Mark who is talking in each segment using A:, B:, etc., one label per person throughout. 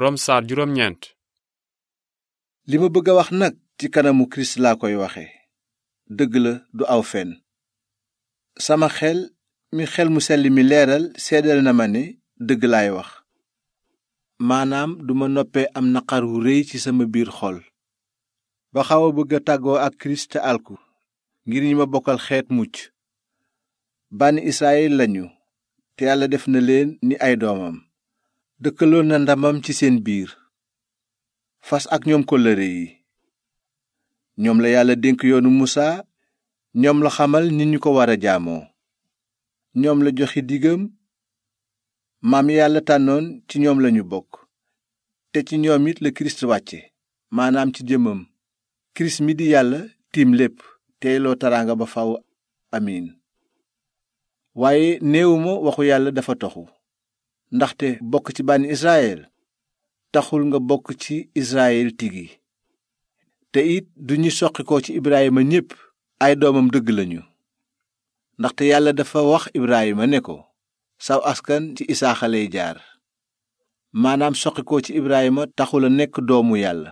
A: rom saar juróom li ma bëgg a wax nag ci kanamu kirist laa koy waxe dëgg la du aw fen sama xel mi xel mu sell mi leeral seedal na ma ne dëgg laay wax maanaam duma noppee am naqar wu rëy ci sama biir xol ba xaw a bëgg a tàggoo ak kirist te alku ngir ñi ma bokkal xeet mucc bànni israyil lañu te yàlla def na leen ni ay doomam dëkkaloon na ndamam ci seen biir fas ak ñoom kóllëre yi ñoom la yàlla dénk yoonu musaa ñoom la xamal ni ñu ko war a jaamoo ñoom la joxi diggam maam yàlla tànnoon ci ñoom lañu bokk te ci ñoom it la kirist wàcce maanaam ci jëmmam kirist mi di yàlla tiim lépp teyloo taraanga ba faw amiin waaye néewuma waxu yàlla dafa toxu ndaxte bokk ci bànni israyil taxul nga bokk ci israyil tigi te it du ñu soqi ko ci ibrahima ñépp ay doomam dëgg lañu ndaxte yàlla dafa wax ibrahima ne ko saw askan ci isaaxa jaar maanaam soqi ko ci ibrahima taxul a nekk doomu yàlla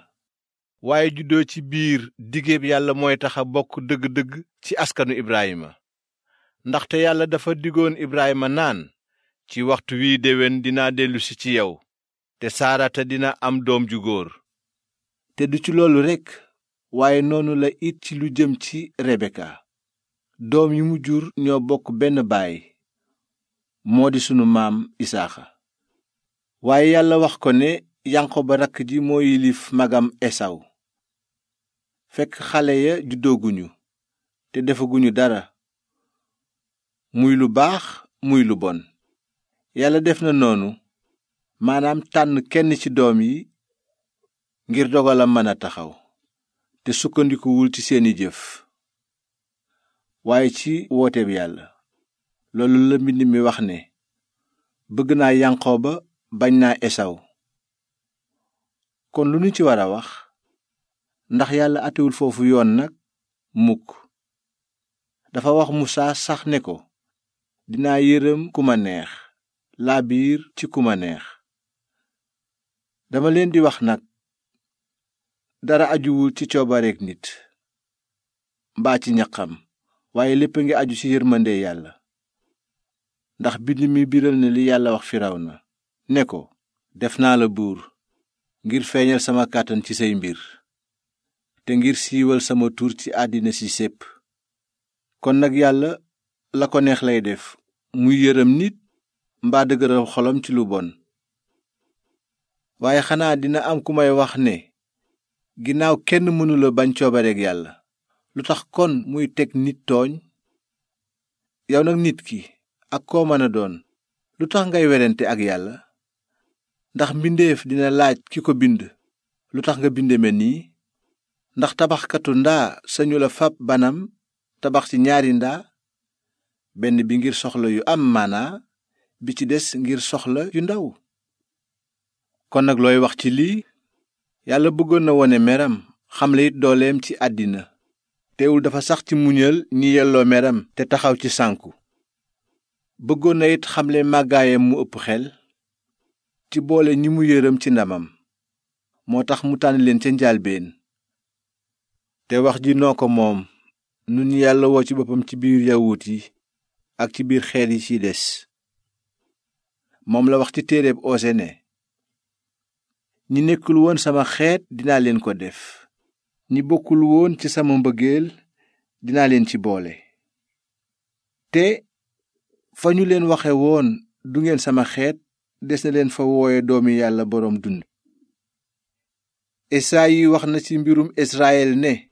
A: waaye juddoo ci biir digéeb yàlla mooy tax a bokk dëgg-dëgg ci askanu ibrahima ndaxte yàlla dafa digoon ibrahima naan ci waxtu wi déwén dinaa dellusi ci yow te saarata dina am doom ju góor te du ci loolu rekk waaye noonu la it ci lu jëm ci rebeka doom yi mu jur ñoo bokk benn baay moo di sunu maam isaaxa waaye yàlla wax ko ne ba rakk ji moo yilif magam esaw fekk xale ya juddooguñu te defaguñu dara muy lu baax muy lu bon yàlla def na noonu maanaam tànn kenn ci doom yi ngir dogalam mën a taxaw te sukkandikuwul ci seeni jëf waaye ci wooteeb yàlla loolu la mbind mi wax ne bëgg naa ba bañ naa esaw kon lu ñu ci war a wax ndax yàlla atewul foofu yoon nag mukk dafa wax musaa sax ne ko dinaa yërëm ku ma neex laabiir ci ku ma neex dama leen di wax nag dara ajuwul ci coobareeg nit mbaa ci ñaqam waaye lépp a ngi aju ci yërmande yàlla ndax bind mi biral na li yàlla wax na ne ko def naa la buur ngir feeñal sama kàttan ci say mbir te ngir siiwal sama tuur ci àddina si sépp kon nag yàlla la ko neex lay def muy yërëm nit mbaa xolam ci lu bon waaye xanaa dina am ku may wax ne ginnaaw kenn mënula bañ coobareeg yàlla lu tax kon muy teg nit tooñ yow nag nit ki ak koo mën a doon lu tax ngay werante ak yàlla ndax mbindeef dina laaj ki ko bind lu tax nga binde ma nii ndax tabaxkatu ndaa sañu la fab banam tabax ci ñaari ndaa benn bi ngir soxla yu am maanaa bi ci des ngir soxla yu ndaw kon nag looy wax ci lii yàlla bëggoon na wone meram xamle it dooleem ci àddina teewul dafa sax ci muñal ñi yelloo meram te taxaw ci sànku bëggoon na it xamle màggaayam mu ëpp xel ci boole ñi mu yéram ci ndamam moo tax mu tànn leen ca njaalbeen te wax ji noo ko moom nun yàlla woo ci boppam ci biir yawut yi ak ci biir xeet yi ci des moom la wax ci téereb ose ne ñi nekkul woon sama xeet dinaa leen ko def ñi bokkul woon ci sama mbëggeel dinaa leen ci boole te fa ñu leen waxe woon du ngeen sama xeet des na leen fa wooye doomi yàlla boroom dund esaayi wax na ci mbirum israel ne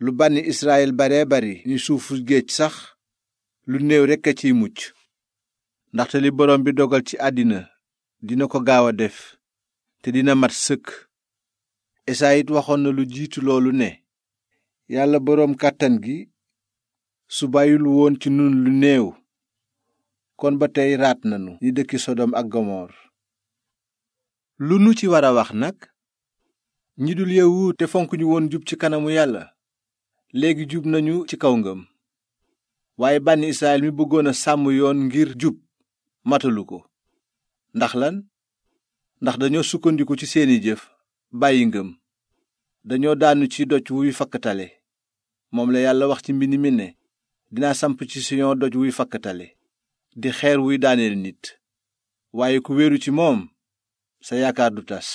A: lu bànni israel bare bari ni suufu géej sax lu néew rekk a ciy mucc ndaxte li borom bi dogal ci àddina dina ko gaaw a def te dina mat sëkk esaay waxoon na lu jiitu loolu ne yàlla boroom kàttan gi su bàyyil woon ci nun lu néew kon ba tey raat nanu ñi dëkki sodom ak gomoor lu nu ci war a wax nag ñi dul yawut te fonk ñu woon jub ci kanamu yàlla léegi jub nañu ci kaw ngëm waaye bànni israel mi bëggoon sàmm yoon ngir jub matalu ko ndax lan ndax dañoo sukkandiku ci seeni jëf bàyyi ngëm dañoo daanu ci doj wuy fakktale moom la yàlla wax ci mbind mi ne dinaa samp ci siyon doj wuy fakktale di xeer wuy daaneel nit waaye ku wéeru ci moom sa yaakaar du tas